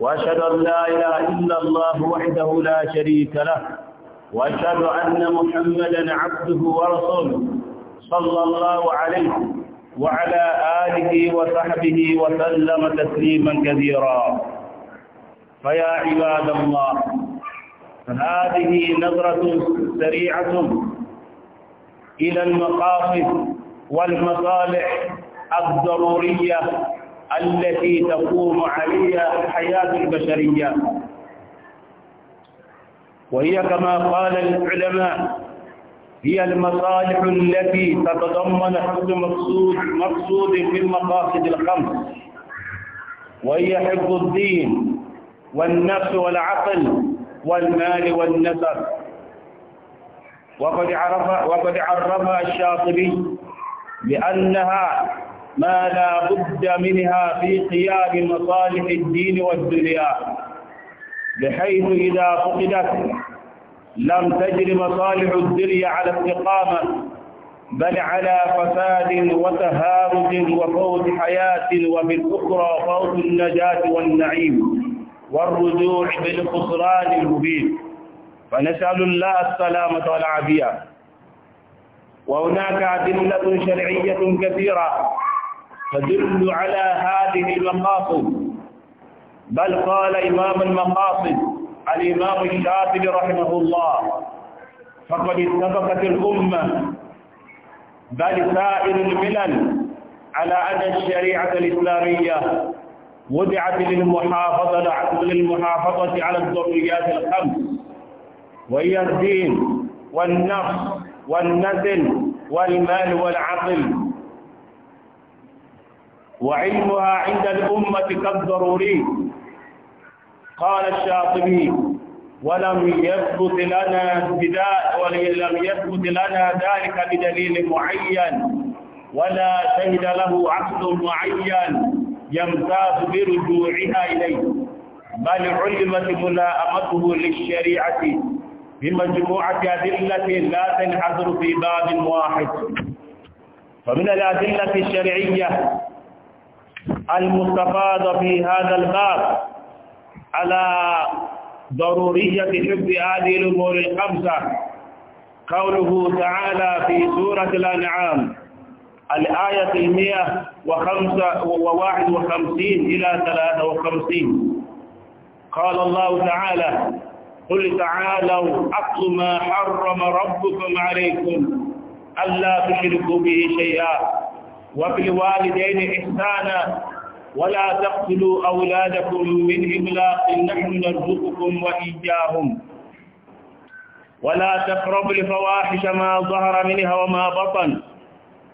وأشهد أن لا إله إلا الله وحده لا شريك له وأشهد أن محمدا عبده ورسوله صلى الله عليه وعلى آله وصحبه وسلم تسليما كثيرا فيا عباد الله هذه نظرة سريعة إلى المقاصد والمصالح الضرورية التي تقوم عليها الحياة البشرية وهي كما قال العلماء هي المصالح التي تتضمن حفظ مقصود مقصود من مقاصد الخمس وهي حفظ الدين والنفس والعقل والمال والنسب وقد عرف وقد عرفها الشاطبي بأنها ما لا بد منها في قيام مصالح الدين والدنيا بحيث إذا فقدت لم تجر مصالح الدنيا على استقامة بل على فساد وتهارج وفوت حياة ومن أخرى فوت النجاة والنعيم والرجوع بالخسران المبين فنسأل الله السلامة والعافية وهناك أدلة شرعية كثيرة تدل على هذه المقاصد بل قال إمام المقاصد الإمام الشافعي رحمه الله فقد اتفقت الأمة بل سائر الملل على أن الشريعة الإسلامية وضعت للمحافظة للمحافظة على الضروريات الخمس وهي الدين والنفس والنسل والمال والعقل وعلمها عند الأمة كالضروري قال الشاطبي ولم يثبت لنا ولم يثبت لنا ذلك بدليل معين ولا شهد له عقد معين يمتاز برجوعها إليه بل علمت ملاءمته للشريعة بمجموعة أدلة لا تنحصر في باب واحد فمن الأدلة الشرعية المستفاد في هذا الباب على ضرورية حب هذه الأمور الخمسة قوله تعالى في سورة الأنعام الآية المئة وخمسة وواحد وخمسين إلى ثلاثة وخمسين قال الله تعالى قل تعالوا أقل ما حرم ربكم عليكم ألا تشركوا به شيئا وبالوالدين إحسانا ولا تقتلوا أولادكم من إملاق نحن نرزقكم وإياهم ولا تقربوا الفواحش ما ظهر منها وما بطن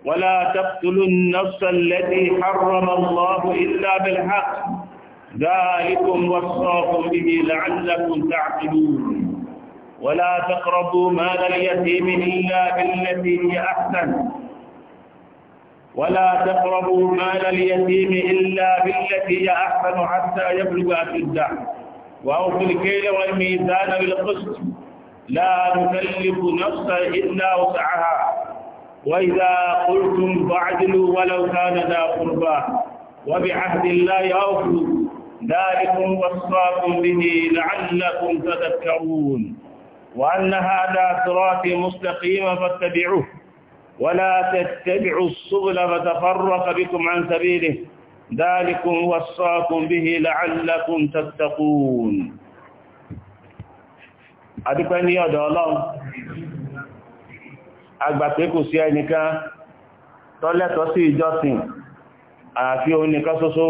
ولا تقتلوا النفس التي حرم الله إلا بالحق ذلكم وصاكم به لعلكم تعقلون ولا تقربوا مال اليتيم إلا بالتي هي أحسن ولا تقربوا مال اليتيم إلا بالتي هي أحسن حتى يبلغ أشده وأوفوا الكيل والميزان بالقسط لا نكلف نفسا إلا وسعها وإذا قلتم فاعدلوا ولو كان ذا قربى وبعهد الله أوفوا ذلكم وصاكم به لعلكم تذكرون وأن هذا صراطي مستقيما فاتبعوه ولا تتبعوا السبل فتفرق بكم عن سبيله ذلك وصاكم به لعلكم تتقون adúpẹ́ ní ọ̀dọ̀ ọlọ́run àgbà pé kò sí ẹnìkan tó lẹ́tọ̀ọ́ sí ìjọsìn àyàfi òun nìkan ṣoṣo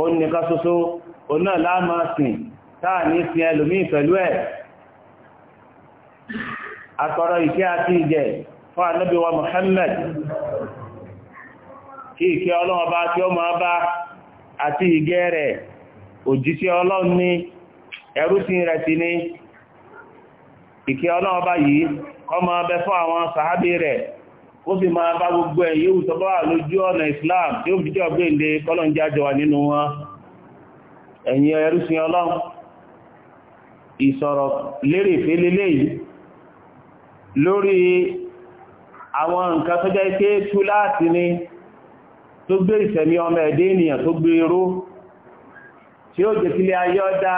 òun nìkan ṣoṣo òun náà láàmà sìn táà ní sin ẹlòmí pẹ̀lú ẹ̀ Akọrọ ìkẹ́ àti ìjẹ fún anọbi wa Muhammad kí ìkẹ́ ọlọ́run bá tí ó ma bá àti ìgẹ́ rẹ̀ òjíṣẹ́ ọlọ́run ní ẹrúsìn rẹ̀ sí ní ìkẹ́ ọlọ́run bá yìí kó ma bẹ fún àwọn rẹ̀ ó fi gbogbo ẹ̀ Islam tí ó fi lórí àwọn nǹkan tó jẹ́ pé tú láti ní tó gbé ìṣẹ̀mí ọmọ ẹ̀dẹ́ ènìyàn tó gbé ró tí ó jẹ́ kí lé ayọ́ ọdá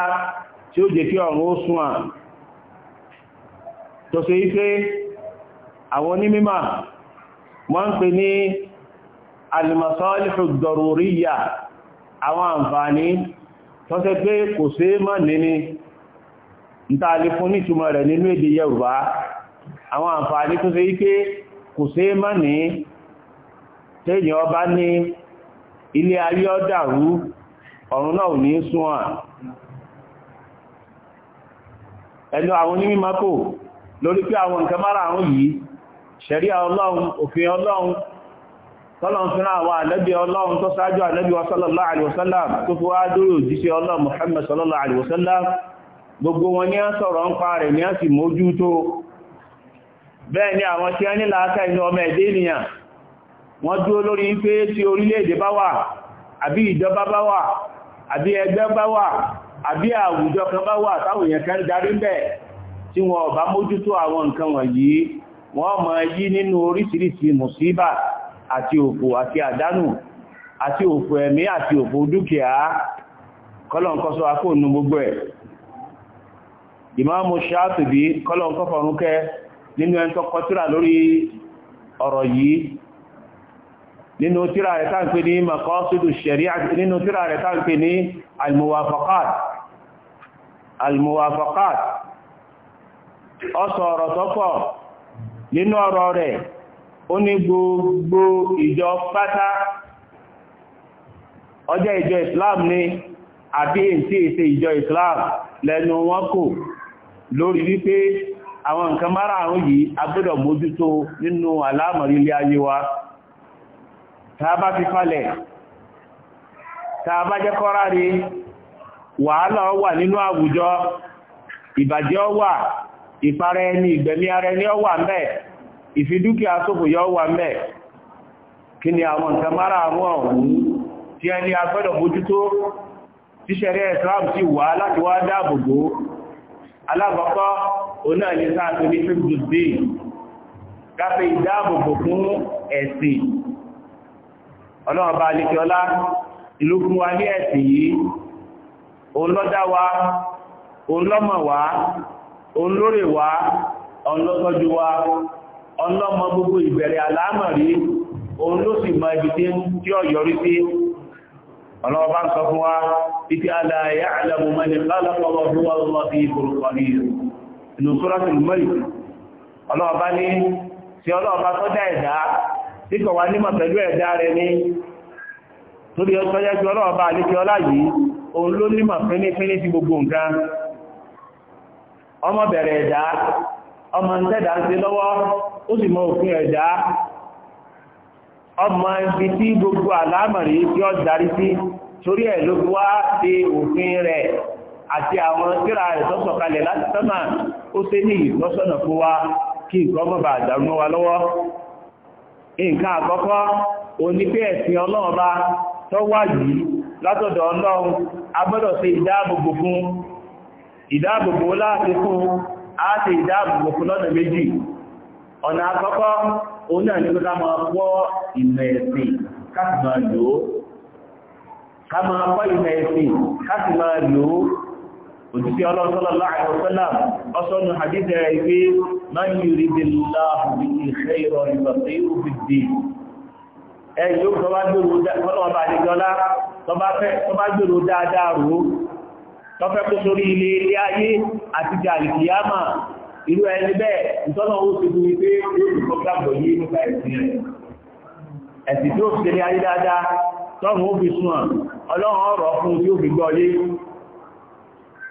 tí ó jẹ́ kí ọ̀run ó sún à tó ṣe wípé àwọn onímímà wọ́n ń pè ní alìmọ̀sọ́lẹ̀fẹ̀ mọ́ àwọn àǹfààní tó ṣe wípé kò ṣe é mọ́ ní tẹ́yìn ọba ní ilé ayé ọ̀dàrú ọ̀run náà ní súnwọ̀n ẹnu àwọn onímọ̀ kò lórí pé àwọn nǹkan mara àwọn yìí ṣẹ̀rí ọlọ́run òfin ọlọ́run tọ́lọ̀n fínra àwọn ànábì ọlọ́run tó gbogbo wọn ni a sọ̀rọ̀ ń pa rẹ̀ ni a sì mójú tó bẹ́ẹ̀ ni àwọn tí wọ́n ní láàká inú ọmọ ẹ̀dẹ́ ènìyàn wọ́n dúró lórí ń pé tí orílẹ̀-èdè bá wà àbí ìjọba bá wà àbí ẹgbẹ́ bá wà àbí àwùjọ kan bá wà táwọn èèyàn kan darí ń bẹ̀ tí wọn ò bá mójútó àwọn nǹkan wọ̀nyí wọ́n mọ̀ yí nínú oríṣiríṣi mùsíbà àti òfò àti àdánù àti òfò ẹ̀mí àti òfò dúkìá kọlọ̀nkọ́sọ́ akóònú gbogbo ẹ̀ ìmáàmù Ṣáàtìbí kọlọ̀nkọ́fọ̀rúnkẹ́ nínú ẹni tó kọ tírà lórí ọ̀rọ̀ yìí nínú tírà rẹ̀ tá ń pè ní maqasidu sharia nínú tírà rẹ̀ tá ń pè ní al-muwafaqat al-muwafaqat ọsọ ọ̀rọ̀ tọ́pọ̀ nínú ọ̀rọ̀ rẹ̀ ó ní gbogbo ìjọ pátá ọjọ́ ìjọ Islam ni àbí èyí tí èsè ìjọ Islam lẹ́nu wọn kò lórí wípé àwọn nǹkan mara àrùn yìí agbọ́dọ̀ mójútó nínú aláàmọ̀rí ilé ayé wa fi falẹ̀ tàbá jẹ́ kọ́rá rí wàhálà ó nínú àwùjọ ìbàjẹ́ ó wà ìparẹ ìgbẹ̀mí ara ẹni ó mẹ́ ìfidúkìá sófò yọ mẹ́ kí ni àwọn nǹkan mara àrùn ọ̀hún tí ẹni agbọ́dọ̀ mójútó tíṣẹ̀rẹ́ Islam ti wà láti wá dáàbògbò alábọ̀kọ́ òun náà ní sáàtò ní fífùdé káfẹ́ ìdáàbòbò fún ẹ̀sìn ọlọ́ọ̀bá alékiọlá ìlú fún wa ní ẹ̀sìn yìí òun lọ́dá wa òun lọ́mọ̀ wa òun lórè wa òun lọ́tọ́jú wa òun lọ́mọ gbogbo ìbẹ̀rẹ̀ àlámọ̀rí òun ló sì mọ ibi tí ó yọrí sí ọlọ́ọ̀bá ń sọ fún wa títí aláyà àlàmùmọ́ ni lálàpọ̀ wọ́n fún wa lọ́wọ́ sí ìfòrùkọ̀ ní ìrù inú sọ́rọ́sì mọ́ì ọlọ́ọ̀bá ní tí ọlọ́ọ̀bá tó dá ẹ̀dá tí kò wá nímọ̀ pẹ̀lú ẹ̀dá rẹ ní torí ọjọ́jẹ́ tí ọlọ́ọ̀bá àlékí ọlá yìí òun ló nímọ̀ fínífíní ti gbogbo nǹkan ọmọ bẹ̀rẹ̀ ẹ̀dá ọmọ ń tẹ́dà ń ṣe lọ́wọ́ ó sì mọ òfin ẹ̀dá ọmọ ibi tí gbogbo àlámọ̀rí tí ó darí sí torí ẹ̀ wá ṣe òfin rẹ̀ àti àwọn tíra rẹ̀ tọ́sọ̀ kalẹ̀ láti sánmà ó sé ní ìtọ́sọ̀nà fún wa kí nǹkan mọ́bà àdàrúmọ́ wa lọ́wọ́ nǹkan àkọ́kọ́ òní ẹ̀sìn ọlọ́ọ̀bá tó wà yìí látọ̀dọ̀ ọlọ́run a ká máa òtítí ọlọ́sọ́lọ́ láàrin ọ̀sẹ́lá ọsọ́nù àdídẹ̀ ìwé máa ń yìí ríbi láàbí ìṣẹ́ ìrọ̀ ìgbàfẹ́ òbìdì ẹ yóò tọ́bá gbèrò dáadáa rò tọ́fẹ́ kó sórí ilé ilé ayé àti jàrìkìyàmà irú ẹni bẹ́ẹ̀ ìtọ́nà ó ti dúró pé yóò gbàgbọ́ yé nípa ẹ̀sìn ibe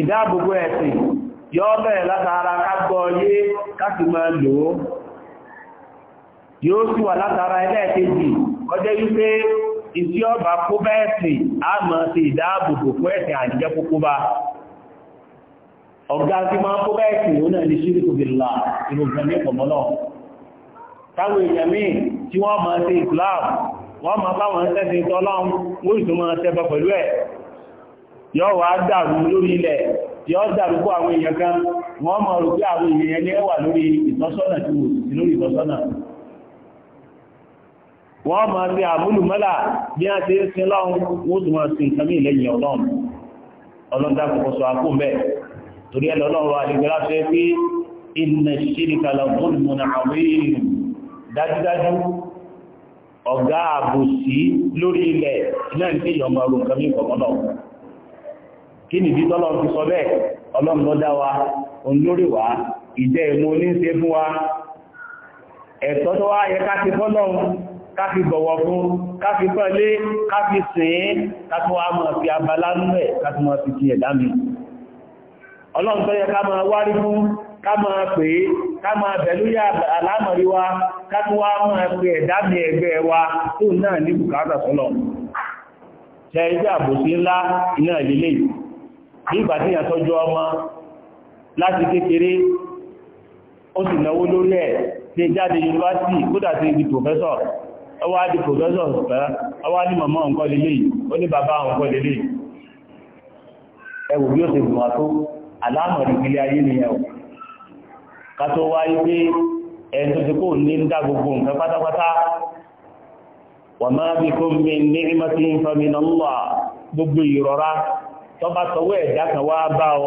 ìdáàbòbò ẹ̀sìn yọ́ bẹ̀rẹ̀ látara kágbọ́ yé káàkì máa lò ó yóò sì wà látara ẹlẹ́ẹ̀kejì kọjẹ́ wípé ìsí ọba kó bá ẹ̀sìn a mọ̀ sí ìdáàbòbò fún ẹ̀sìn àjíjẹ́ kókó bá ọ̀gá tí máa kó bá ẹ̀sìn ó náà ní ṣíríkù yọ́ wà dàrú lórí ilẹ̀ yọ́ dàrú kó àwọn èèyàn kan wọ́n mọ̀ rò pé àwọn èèyàn ní ẹwà lórí ìtọ́sọ́nà tí wò sí lórí ìtọ́sọ́nà wọ́n mọ̀ sí àmúlùmọ́là bí a ti ń sin lọ́run wó tún máa sin nǹkan mí lẹ́yìn ọlọ́run ọlọ́dá kò sọ àkó mẹ́ torí ẹ̀ lọ́lọ́run àdìgbò láti pé inna ṣíríkà lọ́gbọ́n mọ̀nà àwọn èèyàn dájúdájú ọ̀gá àbòsí lórí ilẹ̀ náà ní ìyọ̀mọ̀ ọrùn kan mí kọ̀ọ̀kan náà kí nìdí tọ́lọ́run fi sọ bẹ́ẹ̀ ọlọ́run ló dá wa òun lórí wa ìjẹ́ ìmú oníṣe fún wa ẹ̀tọ́ tó wá yẹ ká ti fọ́lọ́run ká fi bọ̀wọ̀ fún ká fi pẹ̀lé ká fi sìn ká tó wá mọ̀ wa ká tó wá máa pè ẹ̀dá mi ẹgbẹ́ àbòsí ńlá iná ìlélẹ́yìí ìgbà tí ìyàtọ́jú ọmọ láti kékeré ó sì náwó lórí ẹ̀ tí jáde yunifásitì kódà sí ibi professor ọwá di professor pẹ́ ọwá ní màmá ọ̀nkọ́ lélé ó ní bàbá ọ̀nkọ́ lélé ẹwù bí ó sì dùn àtó aláàmọ̀ ya ayé nìyẹn o ká tó wáyé pé ẹni tó ti kó gbogbo nǹkan tó bá sọwọ́ ẹ̀dá kan wá bá ọ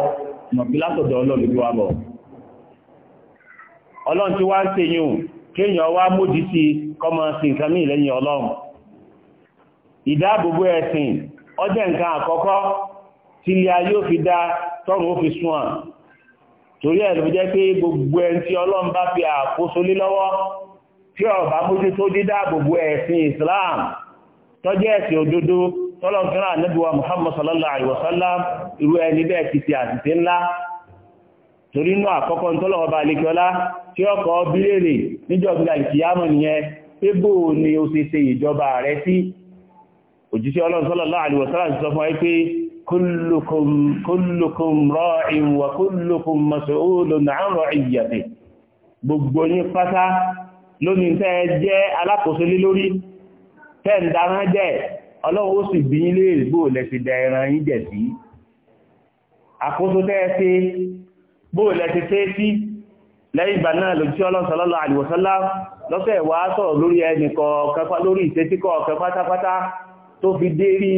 mọ̀bí látọ̀dọ̀ ọlọ́lùbí wa bọ̀ ọlọ́run tí wá ń ṣe yíò kéèyàn wá mójú sí kọmọ sí nǹkan mí lẹ́yìn ọlọ́run ìdáàbòbò ẹ̀sìn ọjẹ́ nǹkan àkọ́kọ́ tí ilé ayé ò fi dá tọ́run ó fi sún àn torí ẹ̀ ló jẹ́ pé gbogbo ẹni tí ọlọ́run bá fi àkóso lé lọ́wọ́ tí ó bá dídáàbòbò ẹ̀sìn Islam tọ́jẹ́ ẹ̀sìn òdodo tọ́lọ̀fẹ́ràn anábíwa Muhammad sallallahu alaihi wasallam irú ẹni bẹ́ẹ̀ ti ti àtìtẹ́ ńlá torí inú àkọ́kọ́ tọ́lọ̀ọba alẹ́kọ́lá tí ọkọ̀ bílèrè níjọba ìkìyàmọ̀ nìyẹn pé bó ni ó ṣe ṣe ìjọba rẹ̀ sí òjíṣẹ́ Ọlọ́run sallallahu alaihi wasallam sọ fún ẹ pé kullukum kullukum ra'in wa kullukum mas'ulun 'an ra'iyyatihi jẹ́ alákòóso lé lórí tẹ́ ń darán jẹ́ ọlọ́run ó sì bí ilé ìrìgbò lẹ́ti da ẹran yín jẹ̀ sí àkóso tẹ́ẹ̀ṣe bó lẹ́ti tẹ́ sí lẹ́yìn ìgbà náà ló tí ọlọ́run sallallahu alaihi wasallam lọ́sẹ̀ wá sọ̀rọ̀ lórí ẹnì kọ̀ọ̀kan lórí ìṣesí kọ̀ọ̀kan pátápátá tó fi dérí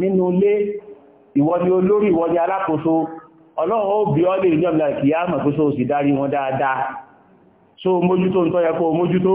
ni olórí ìwọ ni alákòóso ọlọ́run so mojuto darí wọn dáadáa tọ́ yẹ kó mójútó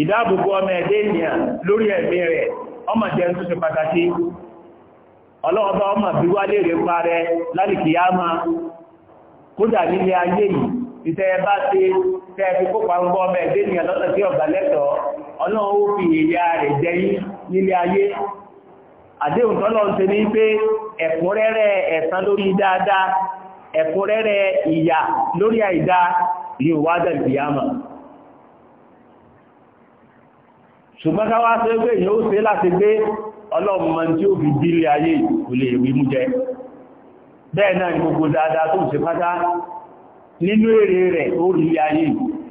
ìdáàbòbò ọmọ ẹ̀dẹ́ ènìyàn lórí ẹ̀mí rẹ̀ ọmọ jẹ́ tó ṣe pàtàkì ọlọ́ọ̀bá ọmọ bí wá lè rẹ̀ parẹ́ lálìkìyàmá kódà nílé ayé yìí ìtẹ́ bá ṣe tẹ́ ìyà nílé ayé àdéhùn tọ́lọ́ ń lórí ṣùgbọ́n ká wá sí pé èyàn ó ṣe láti gbé ọlọ́mọ tí ó fi dílé ayé kò lè rí mú jẹ bẹ́ẹ̀ náà ni gbogbo dáadáa tó ń ṣe pátá nínú èrè rẹ̀ ó rí ilé ayé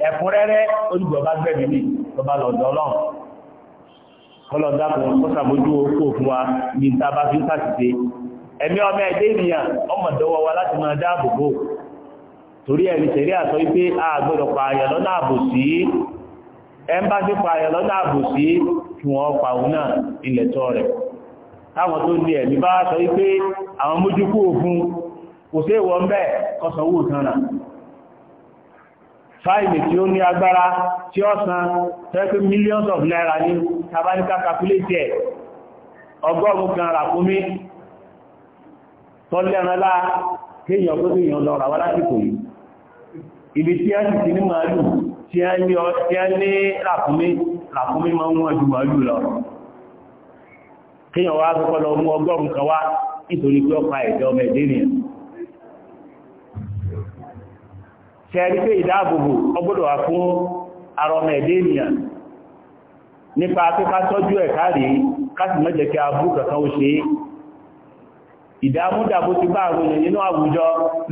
ẹ̀kúnrẹ́rẹ́ olùgbọ̀bá gbẹ̀mí ní ọba lọ́dọ̀ ọlọ́run kọlọ̀dá kan ó sàmójú ẹmbá sí pààyàn lọ́dá àbòsí kí wọ́n pàwọn náà ilẹ̀ tọ́ rẹ̀ táwọn tó ní ẹ̀mí bá sọ wípé àwọn mójúkú ogun kò sí ìwọ̀ ń bẹ́ kọsànwò sanra fáìlì tí ó ní agbára tí ó san tẹ́kù millions of naira ní tabanika calculate ẹ̀ ọgọ́rùn kan ràkúnmí tọ́lẹ́ranlá kéèyàn tó sì yàn lọ ràwá yìí ibi tí a sì ti ní màálù tí a ní ràkúnmí ràkúnmí ma ń wọ́n ju màálù lọ kíyàn wá tó kọ́lọ mú ọgọ́rùn kan wá nítorí pé ọpa ẹ̀dọ́ ọmọ ẹ̀dẹ́ nìyàn tí a rí pé ìdáàbòbò ọgbọ́dọ̀ wà fún ara ọmọ ẹ̀dẹ́ nìyàn nípa pípa tọ́jú ẹ̀ káàrí káàsì mẹ́jẹ̀ kí a bú kankan ó ṣe ìdámúdàbò ti bá àwọn èèyàn nínú àwùjọ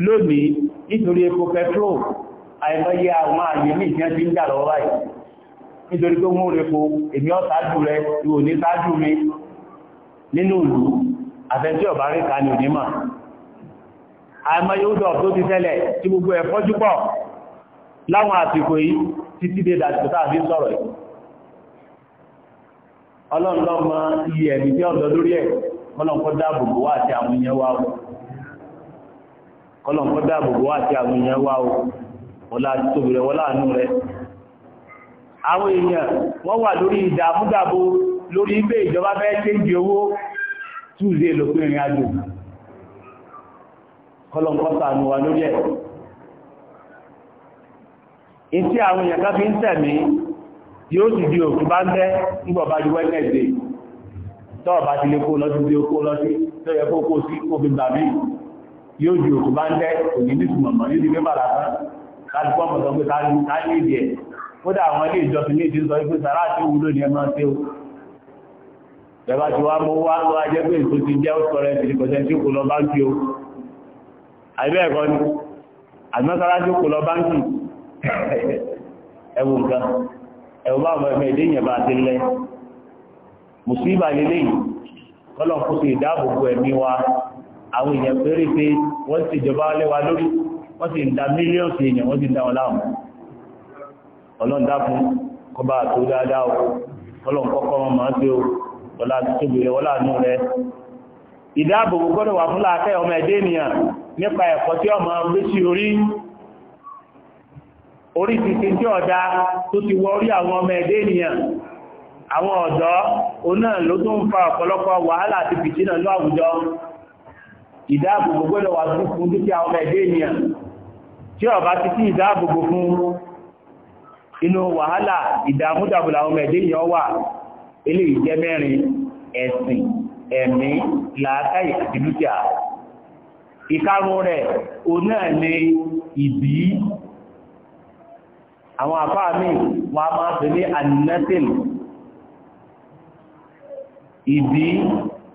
lónìí nítorí epo petrol àìmọye àwọn àyè ní ìfẹ́ ti ń jà lọ́wọ́ báyìí nítorí pé wọ́n rẹ̀ po èmi ọ̀sáájú rẹ̀ ìwò ní sáájú mi nínú ìlú àfẹ́sí ọ̀bá rí ká ní onímọ̀ àìmọye ó dọ̀ tó ti tẹ́lẹ̀ tí gbogbo ẹ̀ fọ́jú pọ̀ láwọn àsìkò yìí títí dé dàsìkò tá a fi sọ̀rọ̀ yìí àti àwọn ìyẹn wá o ọlá tóbi rẹ̀ wọ́lá àánú rẹ̀ àwọn èèyàn wọ́n wà lórí ìdàmúdàbò lórí ibé ìjọba fẹ́ tẹ́jì owó túnzé lòpin ìrìn àjò kọlọ̀nkọ́ta àánú wa lórí ẹ̀ ìtí àwọn èèyàn kan fi ń tẹ̀mí yóò sì di òkú bá ń tẹ́ nígbọ̀bá ju wẹ́nẹ̀dẹ̀ tọ́ọ̀bá ti lè kó lọ sí kó lọ sí tó yẹ kó kó sí kó fi gbà mí yóò di òkú bá ń tẹ́ òní nìtùmọ̀mọ̀ yóò di mẹ́bàlá kan kálùkọ́ mọ̀ sọ pé káyé ìdí ẹ̀ kódà àwọn ilé ìjọsìn ní ìdí sọ pé sàrá àti wúlò ní ẹmọ tí ó bẹ̀bá ti wá mọ́ wá lọ́wọ́ ajẹ́ pé èso ti jẹ́ ọ̀sọ̀rẹ́ ti kọ̀tẹ́ tí kò lọ báńkì o àìbẹ́ ni àdínọ́sára tí kò lọ báńkì ìdáàbòbò ẹ̀mí wa àwọn èèyàn péréte wọ́n ti jọba lẹ́wa lórí wọ́n sì ń da mílíọ̀nsì èèyàn wọ́n sì ń dá wọn láàmú ọlọ́ndá fún kọba àtò dáadáa o ọlọ́nkọ́kọ́ wọn máa ń pé o ọlá tóbi rẹ wọ́lá nú rẹ ìdáàbòbò gbọ́dọ̀ wà fún láàkẹ́ ọmọ ẹ̀dẹ́ ènìyàn nípa ẹ̀kọ́ tí ọmọ gbé sí orí orí títí tí ọ̀dá tó ti wọ orí àwọn ọmọ ẹ̀dẹ́ ènìyàn àwọn ọ̀dọ́ oná ló tó ń fa ọ̀pọ̀lọpọ̀ wàhálà àti fìtínà ní àwùjọ ìdáàbòbò gbọ́dọ̀ wà fún dúkìá ọmọ ẹ̀dẹ́ ènìyàn tí ọba ti sí ìdáàbòbò fún inú wàhálà ìdàmúdàbùlà ọmọ ẹ̀dẹ́ ìyàn wà ilé ìjẹ́ mẹ́rin ẹ̀sìn ẹ̀mí làákàyè àti dúkìá ìkarun rẹ̀ o náà ni ìbí àwọn àfáà míì wọ́n a máa fi ní annatin ìbí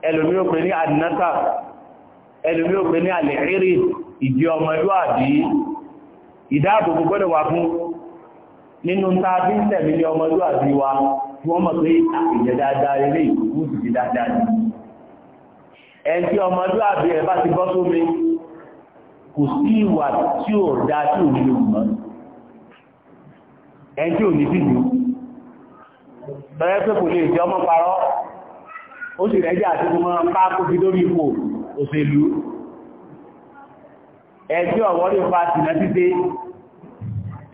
ẹlòmí ó ní annata ẹlòmí ó pè ní àlẹ̀rírí ìdí ọmọlúwàbí ìdáàbòbò gbọ́dọ̀ wà fún nínú tàbí tẹ̀mí ní ọmọdé àti wa tí wọ́n mọ̀ pé ìyẹ̀ dáadáa ilé ìkú sì ti dáadáa ni ẹn tí ọmọdé àbí ẹ̀ bá ti bọ́ sómi kò sí ìwà tí ò dá tí ò nílò mọ́ ẹn tí ò ní dìbò bẹ́ẹ̀ pé kò lè jẹ́ ọmọ parọ́ ó sì rẹ́jà àti ẹ̀tí ọ̀wọ́ rí pa sínà títẹ́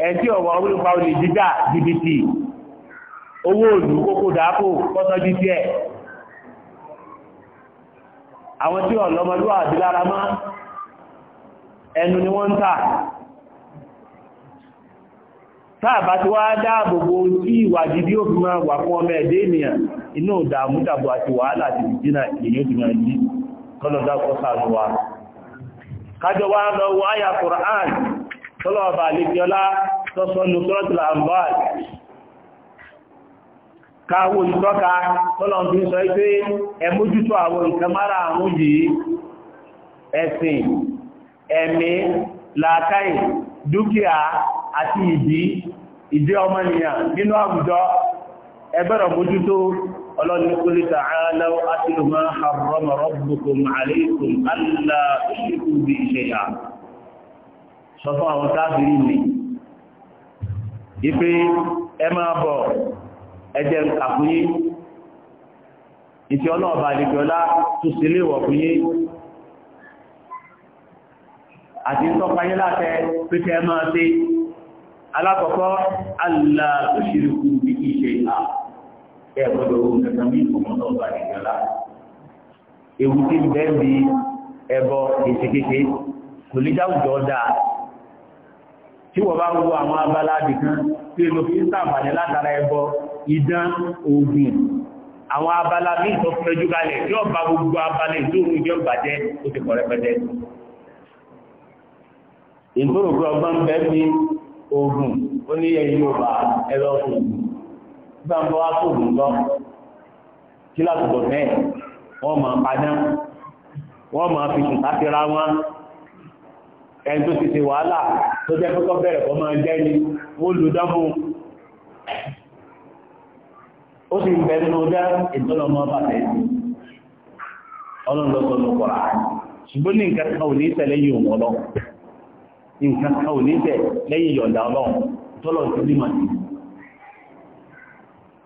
ẹ̀tí ọ̀wọ́ rí pa olè jíjà jìbìtì owó òlù kókó dáàpò kọ́sọ́jú tí ẹ̀ àwọn tí ọ̀lọ́mọlúwà àti lára máa ẹnu ni wọ́n ń tà táàbá ti wá dáàbòbò tí ìwà jìdí ó fi máa wà fún ọmọ ẹ̀dẹ́ ènìyàn inú ìdààmú dàbò àti wàhálà àti ìjìnà èyí ó fi máa jí kọ́lọ̀dá kọ́sà lọ́wọ́ kájọ wá lọ wọ àyà Qur'an tọ́lọ̀ ọba àlejọ́lá tọ́sọ́ ní sọ́rọ̀tìlà àmbáàlì ìtọ́ka tọ́lọ̀ ń sọ pé ẹmójútó àwọn nǹkan mára àrùn ẹ̀sìn ẹ̀mí làákàyè dúkìá àti ìdí ìdí ọmọnìyàn ọlọ́ni kú lè tààlá átìlù máa harrama rabbukum alaykum allá ìṣẹ́kù bí iṣẹ́ yà sọ fún àwọn káàkiri mi ipé ẹ máa bọ̀ ẹjẹ́ kàfúnyí ìtì ọlọ́ọ̀bà àdìgbọ́lá tó sì lè wọ̀ àti tọ́payé látẹ pẹ́kẹ́ máa ṣe alákọ̀ọ́kọ́ allá ìṣẹ́kù bí iṣẹ́ yà ẹ gbọ́dọ̀ owó kankan bí ìfòmọtò ọba nìkanlá ewu tí ń bẹ ń bi ẹbọ kéṣekéṣe kò lè dáwùjọ dáa tí wọ́n bá ń wo àwọn abala dìkan tí èlò fi ń sàǹfààní látara ẹbọ idán oògùn àwọn abala ní ìtọ́fẹ́jú kalẹ̀ tí ó bá gbogbo abala ìlúrun ìjọ bàjẹ́ ó ti kọ̀ rẹpẹtẹ ìgbòrògbò ọgbọ́n bẹ́ẹ̀ ní oògùn ó ní ẹ̀yìn ọba ẹlọ́fún gbàǹbọ̀ wá kò ní lọ kí látọ̀dọ̀ bẹ́ẹ̀ wọ́n máa padà wọ́n máa fi sùn sáfíra wọn ẹni tó ti ṣe wàhálà tó jẹ́ kọ́kọ́ bẹ̀rẹ̀ kọ́ máa jẹ́ ni ó lù dámú ó sì ń bẹ nínú ọjọ́ ìtọ́lọmọ bàtẹ̀ ọlọ́lọ́sọ̀lọ́ kọ̀rọ̀ ṣùgbọ́n ní nǹkan kan ò ní tẹ̀ lẹ́yìn òun ọlọ́ nǹkan kan ò ní tẹ̀ lẹ́yìn yọ̀ǹda ọlọ́run tọ́lọ̀ sí ní màtí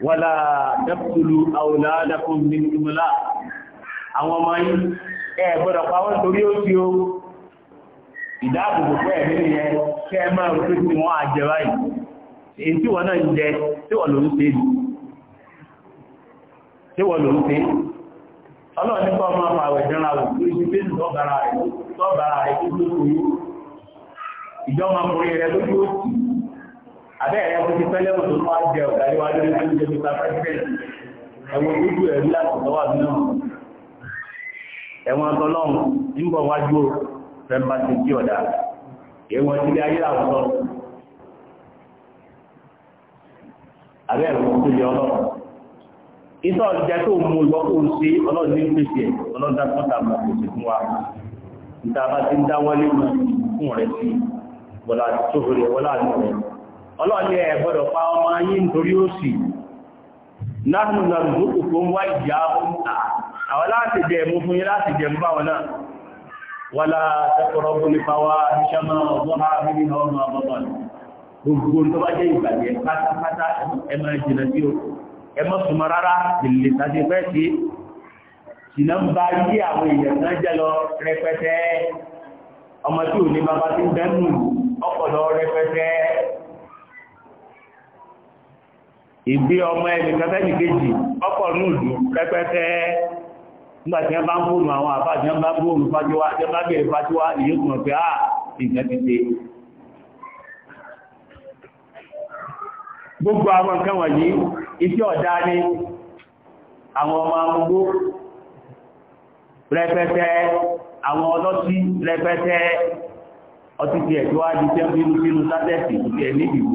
wala taqtulu awladakum min imlaq àwọn ọmọ yìí ẹ gbọ́dọ̀ pa wọ́n torí ó ti o ìdáàbòbò pẹ́ ẹ̀mí nìyẹn kẹ́ ẹ máa rò pé tí wọ́n á jẹ báyìí èyí tí wọ́n náà ń jẹ tí abẹ́ ẹ̀yà kò ti pẹ́lẹ́ òtò tó wá jẹ ọ̀gá yíwá lórí tó ń jẹ mr president ẹ̀wọ̀n gbogbo ẹ̀rí àtọ̀lọ́wà náà ẹ̀wọ̀n ọ̀tọ̀lọ́run ń bọ̀ wájú o fẹ́mbà ti kí ọ̀dà ẹ̀wọ̀n ti lé ayé àwùjọ abẹ́ ẹ̀wọ̀n tó lé ọlọ́run ìtọ́ ìjẹ́ tó mú ìwọ́ kó ń ṣe ọlọ́run ní pèsè ọlọ́run dá tó tàbí pèsè fún wa níta bá ti ń dáwọ́lé mú fún rẹ̀ sí bọ́lá tó rẹ̀ wọ́lá àdúrà ọlọ́ọ̀ni ẹ̀ gbọ́dọ̀ pa ọmọ ayé nítorí ó sì náà nà lókù tó ń wá ìjà àwọn láti jẹ mú fún yí láti jẹ mú báwọn náà wà látẹ́kọ̀rọ̀ bó lè fáwá iṣẹ́ máa ọgbọ́n ààrin ní ọmọ ọmọbọ̀n gbogbo tó bá jẹ́ ìgbàjẹ́ pátápátá ẹmọ ìjìnà tí ó ẹmọ súnmọ́ rárá ìlè tàbí pẹ́ sí ṣìnà ń bá yí àwọn èèyàn náà jẹ́ lọ rẹpẹtẹ ọmọ tí ò ní bàbá tí ń bẹ́nu ọpọlọ rẹpẹtẹ ìgbé ọmọ ẹni kẹfẹ́ni kejì ọkọ̀ núùdù pẹ́pẹ́tẹ́ nígbàtí wọ́n bá ń fóònù àwọn àbá tí wọ́n bá gbóòrùn fájúwá tí wọ́n bá bèèrè fájúwá ìyó tún ọ̀pẹ́ à ìgbà ti dé gbogbo àwọn nǹkan wọ̀nyí iṣẹ́ ọ̀dá ní àwọn ọmọ amúgbó rẹpẹtẹ àwọn ọlọ́tí rẹpẹtẹ ọtí ti ẹ̀tọ́ wá di tẹ́ńbínú sínú sátẹ́ẹ̀tì ti ẹ̀ nídìbò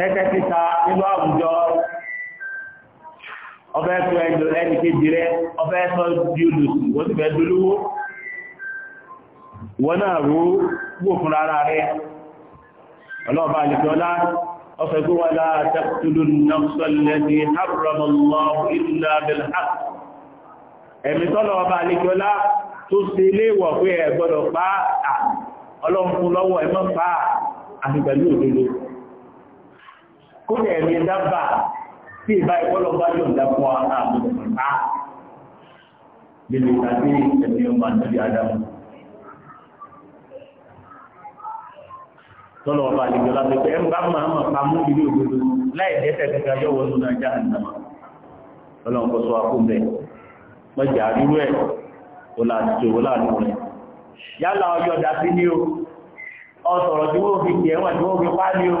tẹ́tẹ́ títa nínú àwùjọ ọbẹ̀ tó ẹjọ ẹni kéjì rẹ ọbẹ̀ sọ di olùsù wọ́n ti fẹ́ dolówó ìwọ náà rú wò fún ara rẹ ọlọ́ọ̀bá àlejọ́lá ọ̀fẹ́ tó wà láà taqtulu an-nafsa allati kó lè rí dábà tí ìbá ìwọ́lọ̀ bá yóò dápọ̀ àbùkà lílè tàbí ẹ̀mí ọmọ àtàbí Ádámù. Tọ́lọ̀ ọba àlejò lábẹ́fẹ́ ẹ̀ ń bá máa mọ̀ pa mú ilé òdodo láì dẹ́sẹ̀ kankan yóò wọ́n nínú ajá àdàmà. Tọ́lọ̀ ọkọ̀ sọ akó bẹ̀. Mọ̀jà rírú ẹ̀ kò láti tó wọ́n láàánú rẹ̀. Yálà ọjọ́ dàbí ní o, ọ̀sọ̀rọ̀ tí wọ́n fi kì ẹ̀wọ̀n tí wọ́n fi pá ní o,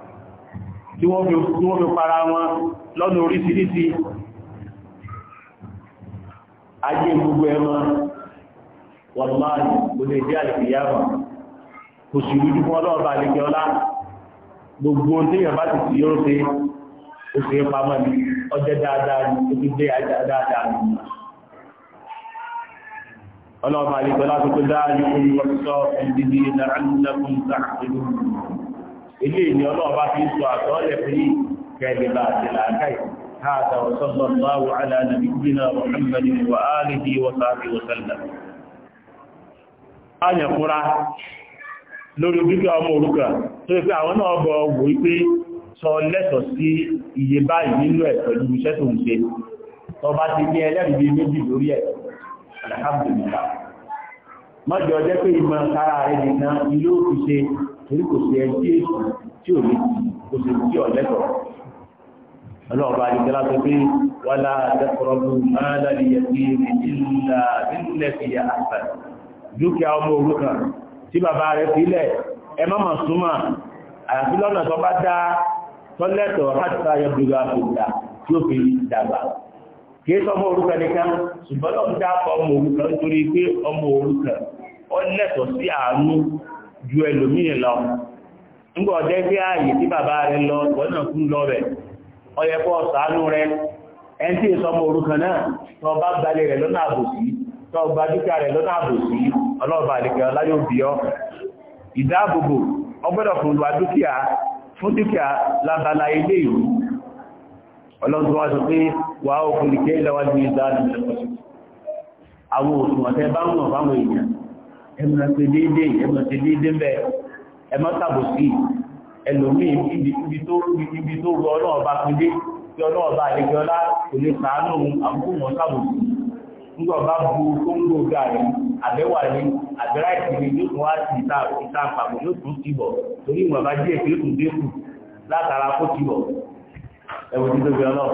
tí wọ́n fi para wọn lọ́nà oríṣiríṣi ayé gbogbo ẹmọ wọ̀lọ́mọ́rin kò lè jẹ́ àlèkìyàwó kò sì rújú fún ọlọ́ọ̀bà àlèkẹ́ ọlá gbogbo téèyàn bá ti sì yóò ṣe oṣù ìpamọ́ ni ọjọ́ dáadáa ni ó fi ọlá tó tó dáa ní orí wọ́n sọ ilé ìní ọlọ́ọ̀bá fi ń sọ àtọ́ọ̀lẹ̀ fún yìí kẹ́lẹ̀bà àti làákàì هذا وصلى الله على نبينا محمد وآله وصحبه وسلم a yàn fúnra lórí dúkìá ọmọ òrukàn tó yẹ pé àwọn náà bọ̀ wò wípé sọ lẹ́tọ̀ sí iye báyìí nínú ẹ̀ pẹ̀lú iṣẹ́ tó ń ṣe tó bá ti ní ẹlẹ́rìí torí kò sí ẹjí èsì tí ò lè kò sí tí ò lẹ́tọ̀ọ́ ọlọ́ọ̀bá àdìgbẹ́lá tó pé wà láàdẹ́kọ̀rọ̀ bú máa lárí ẹ̀sìn ìlà nílẹ̀ fi yà àṣà dúkìá ọmọ òrukàn tí bàbá rẹ̀ sílẹ̀ ẹ má mà súnmà àyàfi lọ́nà tó bá dá tọ́lẹ́tọ̀ hátà yọdúgà àfòdà tí ó fi dàgbà kìí sọmọ òrukàn nìkan ṣùgbọ́n lọ́n dá ọmọ òrukàn nítorí pé ọmọ òrukàn ọ lẹ́tọ̀ọ́ sí àánú ju ẹlòmíì lọ ńgbọ́ jẹ́ pé ààyè tí bàbá rẹ lọ wọ́nà fún lọ rẹ̀ ọyẹ pọ̀ ṣàánú rẹ̀ ẹn tí ìsọmọ orúkan náà tọ bá gbalẹ̀ rẹ̀ lọ́nà àbòsí tọ gba dúkìá rẹ̀ lọ́nà àbòsí ọlọ́ọ̀bà àwọn òṣùwọ̀n tẹ́ bá ń wọ̀n fáwọn èèyàn ẹmọ ṣe déédé ẹmọ ṣe déédé mẹ́ ẹmọ tàbòsí ẹlòmíì ibi tó ibi tó rọ ọlọ́ọ̀bá pínlẹ̀ tí ọlọ́ọ̀bá àlejò ọlá kò lè sàánú àbúkù wọn tàbòsí nígbà bá bu kóńgò gàrí àbẹ́wà ní àbẹ́rà ìsinmi yóò tún wá sí ìta ìta àpapọ̀ yóò tún ti bọ̀ torí ìwọ̀n bá díẹ̀ tí ó tún dé kù látara kó ti bọ̀ ẹ̀wọ̀n ti tó gbé ọlọ́ọ̀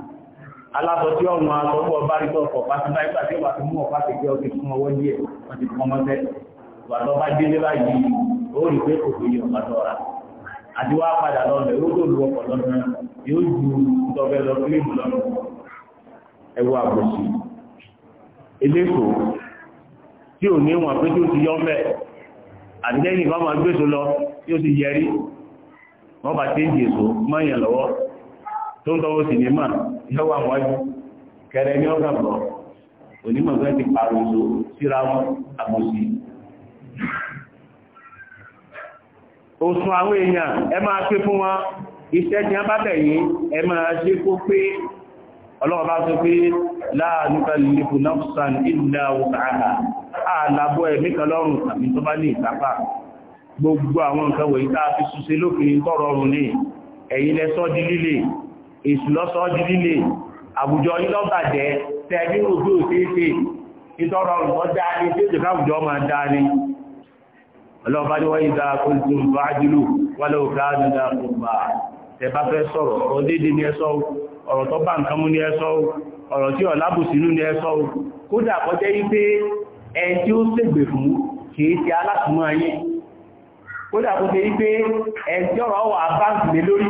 alábọ̀ tí ọmọ àtọ́wọ́ bá rí tọ́kọ̀ pàtí bá ìgbà tí ó wà tó mú ọ̀pá tẹ̀kẹ́ ọdí fún ọwọ́ díẹ̀ wọ́n ti fún ọmọdé wàtọ́ bá délé báyìí ó rí pé kò fi ọ̀pá tọ́ra àti wá padà lọ́nà yóò tó lu ọkọ̀ lọ́nà yóò ju tọ́fẹ́ lọ fílíìmù lọ́nà ẹwọ́ àbòsí eléko tí ò ní wọn pé tí ó ti yọ mẹ́ àtìlẹ́yìn bá máa gbèsò lọ tí ó ti yẹrí wọ́n bá ti ń jèso mọ́yàn lọ́wọ́ tó ń tọ́wọ́ sí ní mà yọ́wà wájú kẹrẹ ní ọ̀gá bọ̀ onímọ̀ fẹ́ ti pàrọ̀sọ síra wọn àbòsí òsùn àwọn èèyàn ẹ máa ṣe fún wọn iṣẹ́ tí a bá bẹ̀yìn ẹ máa ṣe kó pé ọlọ́wọ́ bá sọ pé láàrúkà lèfò náfsàn ìlà òsàáhà àlàbọ̀ ẹ̀mí kan lọ́rùn tàbí tó bá ní a fi ṣùṣe lófin tọ́rọrùn ní ẹ̀yìn lẹ́sọ́ di líle èṣù lọ́sọ́ọ́dí líle àwùjọ ìlọ́bàjẹ́ tẹ̀lé òbí òṣèṣe ìtọ́rọ ọ̀rọ̀ dá ní tí ó jẹ́ káwùjọ máa dá ní ọlọ́ọ̀bá ní wọ́n ìdá kòtò bájúlù wọ́n lọ́wọ́ káàdù dá gbogbo tẹ̀bá fẹ́ sọ̀rọ̀ ọ̀rọ̀ dédé ní ẹsọ́ ọ̀rọ̀ tó bá nǹkan mú ní ẹsọ́ ọ̀rọ̀ tí ọ̀lábùsínú ní ẹsọ́ kódà kọjẹ́ wípé ẹni tí ó ṣègbè fún kìí ti alásùnmọ́ ayé kódà kọjẹ́ wípé ẹni tí ọ̀rọ̀ wà báńkì lé lórí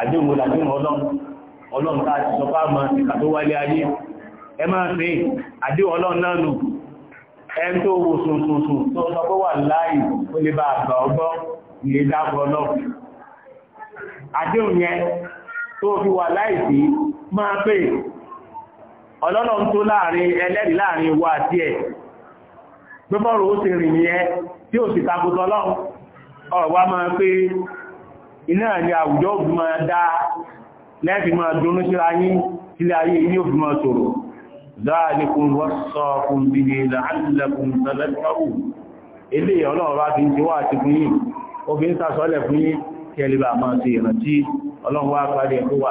àdéhùn làdéhùn ọlọ́run ọlọ́run tá a ti sọ fá mọ́ ìkà tó wálé ayé ẹ máa pé àdéhùn ọlọ́run náà nù ẹn tó wo sùnsùnsùn tó sọ pé wà láàyè ó lè bá àgbà ọgbọ́ ilé dákọ̀ ọlọ́run àdéhùn yẹn tó fi wà láìsí máa pé ọlọ́run tó láàrin ẹlẹ́rìí láàrin wa àti ẹ̀ gbẹ́bọ́rọ̀ ó ti rìn yẹn tí ó sì takùtọ̀ ọlọ́run máa pé iná ni àwùjọ òfin máa dá lẹ́fì máa dúnú síra yín sílé ayé yíò fi máa tòrò dáadékun wọ́sọ̀kun bí i láàrínlẹ̀kun tẹ́lẹ̀kọ́rù ilé ọlọ́run bá fi ń ti wá àti fún yín ó fi ń sàṣọ́lẹ̀ fún yín kí ẹlẹ́bà máa ti ìrántí ọlọ́run wá parí ẹ̀kọ́ wa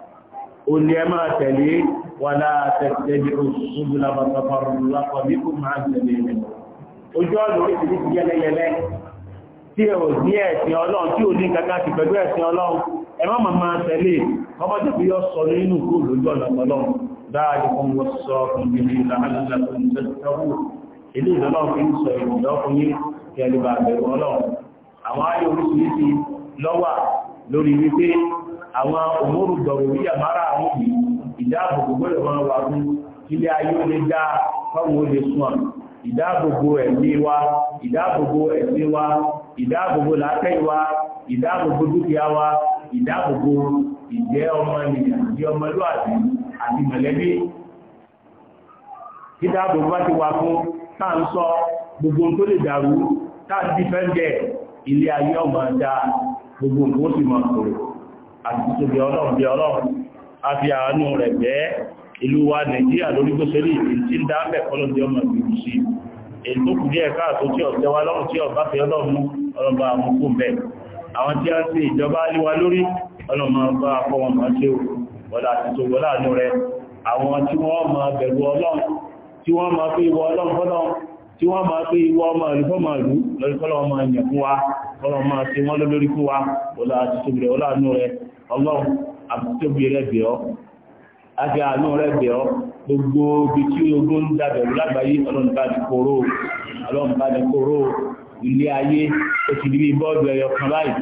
olè ẹ máa tẹ̀lé wà látẹ̀tẹ̀ ní oṣù lábàtàfàrùnlápọ̀ ní kò máa tẹ̀lé rẹ̀ ojú ọ̀nà tí ẹ ní ẹ̀sìn ọlọ́run tí ò ní kankan ti pẹ̀lú ẹ̀sìn ọlọ́run ẹ má tẹ̀lé ọmọdé fi yọ sọ nínú dáadé àwọn òmòrò dọ̀rọ̀wíyà mara àwọn yìí ìdáàbòbò gbọ́dọ̀ wọn wà fún ilé ayé ó lè dá fáwọn olè sùn àmì ìdáàbòbò ẹ̀mí wa ìdáàbòbò ẹ̀sìn wa ìdáàbòbò làákẹ́ wa ìdáàbòbò dúkìá wa ìdáàbòbò ìjẹ́ ọmọ ènìyàn àti ọmọlúwàbí àti mọ̀lẹ́bí ìdáàbòbò bá gbogbo nǹkan ó sì máa kòrò àti tóbi ọlọ́run bí ọlọ́run a fi àánú rẹ̀ bẹ́ ìlú wa nàìjíríà lórí gbóṣèlú ìlú tí ń dá bẹ̀ kọ́lọ́dé ọmọ ìlú sí èyí tó kù díẹ̀ káàtó tí ọ̀tẹ́ wa lọ́rùn tí ọba fi ọlọ́run ọlọ́ba àmúkú bẹ̀ àwọn tí a ń ṣe ìjọba aliwa lórí ọlọ́run bá kọ́ wọn máa ṣe wọlá ọlọ́run àtútóbi rẹ̀ bẹ̀ ọ́ àti àánú rẹ̀ bẹ̀ ọ́ gbogbo ibi tí ogun ń dàbẹ̀rù lágbàáyé ọlọ́run bá ní kóró ọlọ́run bá ní kóró ilé ayé ó ti di bí bọ́ọ̀dù ẹyọ kan báyìí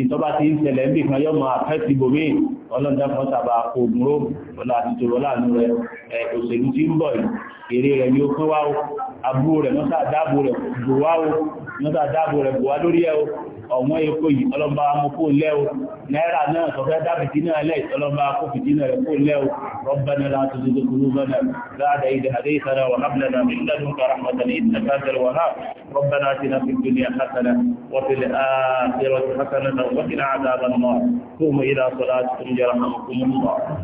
ìtọ́ba ti ń ṣẹlẹ̀ ń bì kan yọ́mọ àfẹ́ ti bòmíì ọlọ́dàpọ̀ tàbà ògúnró ọlá àtìtòrò láàánú rẹ̀ òṣèlú tí ń bọ̀ èrè rẹ̀ yóò fún wáwó abúrò rẹ̀ mọ́sá dáàbò rẹ̀ bùwáwó mọ́sá dáàbò rẹ̀ bùwá lórí ẹ̀ ọ̀wọ́n epo yìí ọlọ́ba amúkó lẹ́wọ́ náírà náà sọ̀fẹ́ dábìtì náà lẹ́ ọlọ́ba akófìtì rẹ̀ kó lẹ́wọ́ ربنا لا يرحمكم الله